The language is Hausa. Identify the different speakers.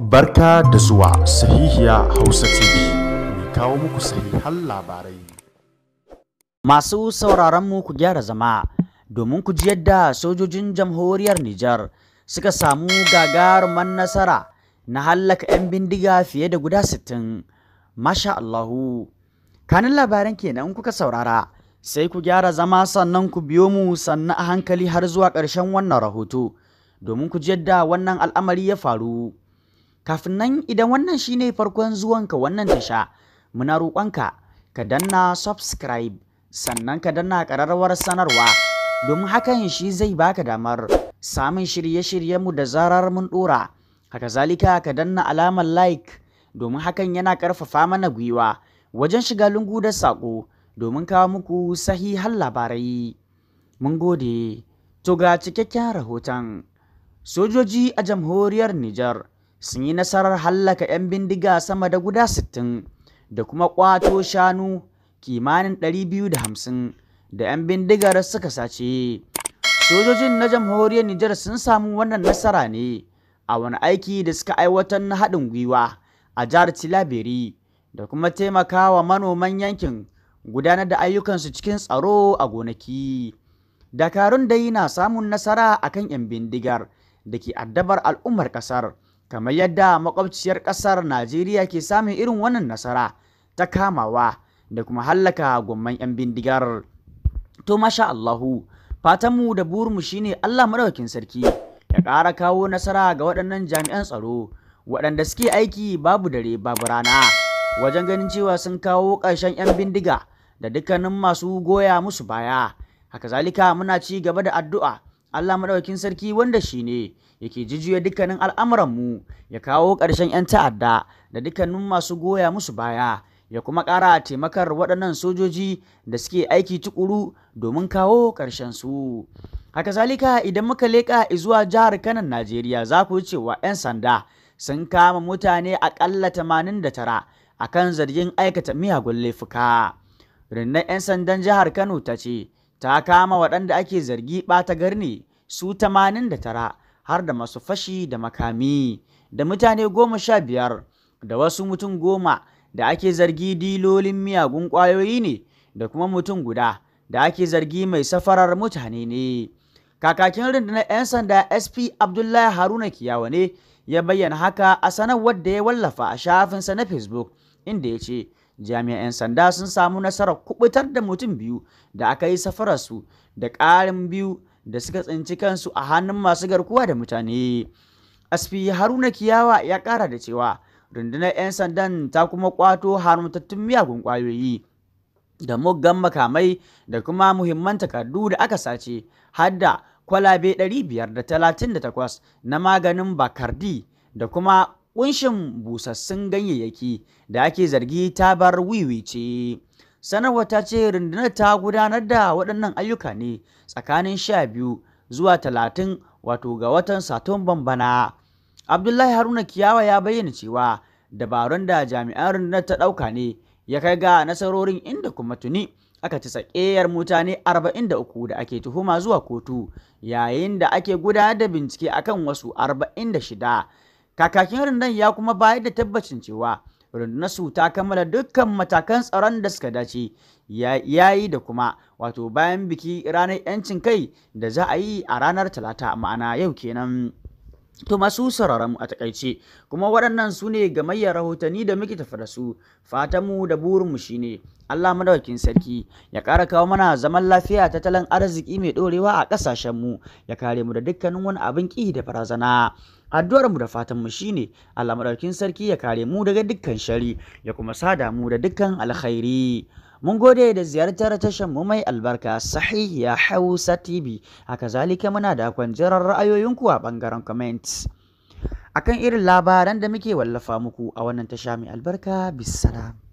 Speaker 1: Barka da zuwa sahihiya Hausa TV, mai kawo muku sahihan labarai. Masu mu ku gyara zama domin ku ji yadda sojojin jamhuriyar Nijar suka samu gagaruman nasara na hallaka 'yan bindiga fiye da guda 60. Masha Allahu, kanin labaran kenan kuka saurara, sai ku gyara zama sannan ku biyo mu sannan a hankali har zuwa ƙarshen wannan rahoto, domin ku ji yadda wannan al'amari ya faru. Kafin nan idan wannan shine farkon zuwanka wannan tasha, muna roƙonka ka danna subscribe sannan ka danna ƙararrawar sanarwa domin hakan shi zai baka damar samun shirye-shiryenmu da zarar mun ɗora. Haka zalika ka danna alamar like domin hakan yana ƙarfafa mana gwiwa wajen shiga lungu da saƙo domin kawo muku sahihan labarai. Mun gode, to ga cikakken rahoton. Sojoji a jamhuriyar Nijar. sun yi nasarar hallaka 'yan bindiga sama da guda 60 da kuma kwato shanu kimanin 250 da 'yan bindigar suka sace. Sojojin na jamhuriyar Nijar sun samu wannan nasara ne a wani aiki da suka aiwatar na haɗin gwiwa a jihar Tilaberi da kuma taimakawa manoman yankin gudanar da ayyukansu cikin tsaro a gonaki. Dakarun dai na samun nasara a kan 'yan bindigar da ke addabar al'ummar ƙasar. kamar yadda makwabciyar ƙasar Najeriya ke samun irin wannan nasara ta kamawa da kuma hallaka gwamman 'yan bindigar. To masha Allahu, fatanmu da burinmu shine Allah maɗaukakin sarki ya ƙara kawo nasara ga waɗannan jami'an tsaro waɗanda suke aiki babu dare babu rana wajen ganin cewa sun kawo ƙarshen 'yan bindiga da dukkanin masu goya musu baya. Haka zalika muna ci gaba da addu'a Allah Maɗaukin sarki wanda shine yake jijiya dukkanin al'amuranmu ya kawo ƙarshen 'yan ta'adda da dukkanin masu goya musu baya ya kuma ƙara taimakar waɗannan sojoji da suke aiki tukuru domin kawo ƙarshen su. Haka zalika idan muka leƙa zuwa jihar Kanan Najeriya za ku cewa 'yan sanda sun kama mutane aƙalla 89 kan zargin aikata miyagun laifuka. Rinnan 'yan sandan jihar Kano ta ce ta kama waɗanda ake zargi ɓata garne su 89 har da masu fashi da makami da mutane goma sha biyar da wasu mutum goma da ake zargi dilolin miyagun ƙwayoyi ne da kuma mutum guda da ake zargi mai safarar mutane ne kakakin rundunar 'yan sanda sp abdullahi haruna kiyawa ne ya bayyana haka a sanarwar da ya wallafa a shafinsa na facebook inda ya ce jami'an sanda sun samu nasarar kubutar da mutum biyu da aka yi safararsu da ƙarin biyu da suka tsinci kansu a hannun masu garkuwa da mutane asfi haruna kiyawa ya ƙara da cewa rundunar 'yan sandan ta kuma kwato harmatattun miyagun kwayoyi da muggan makamai da kuma muhimman takardu da aka sace har da kwalabe 538 na maganin bakardi da kuma kunshin busassun ganyayyaki da ake zargi ta bar wiwi ce. sanarwa ta ce rundunar ta gudanar da waɗannan ayyuka ne tsakanin sha biyu zuwa talatin wato ga watan Satumban bana. Abdullahi Haruna Kiyawa ya bayyana cewa dabarun da jami'an rundunar ta ɗauka ne ya kai ga nasarorin inda kuma tuni aka ci tsakiyar mutane 43 da ake tuhuma zuwa kotu yayin da ake gudanar da bincike akan wasu arba'in da shida. kakakin rundunar ya kuma bayar da tabbacin cewa rundunarsu ta kammala dukkan matakan tsaron da suka dace ya yi da kuma wato bayan biki ranar 'yancin kai da za a yi a ranar talata ma'ana yau kenan To masu sauraron a takaice, kuma waɗannan su ne gamayyar rahotanni da muke tafi da su, fatanmu da burinmu shine Allah madawakin sarki ya ƙara kawo mana zaman lafiya tattalin arziki mai ɗorewa a ƙasashenmu ya kare mu da dukkanin wani abin ƙi da barazana. addu'ar mu da fatan mu shine Allah madaukin sarki ya kare mu daga dukkan shari ya kuma sada mu da dukkan alkhairi mun gode da ziyartar tashar mu mai albarka sahih ya hausa tv haka zalika muna da kwanjirar ra'ayoyinku a bangaren comments akan irin labaran da muke wallafa muku a wannan tasha mai albarka bisalam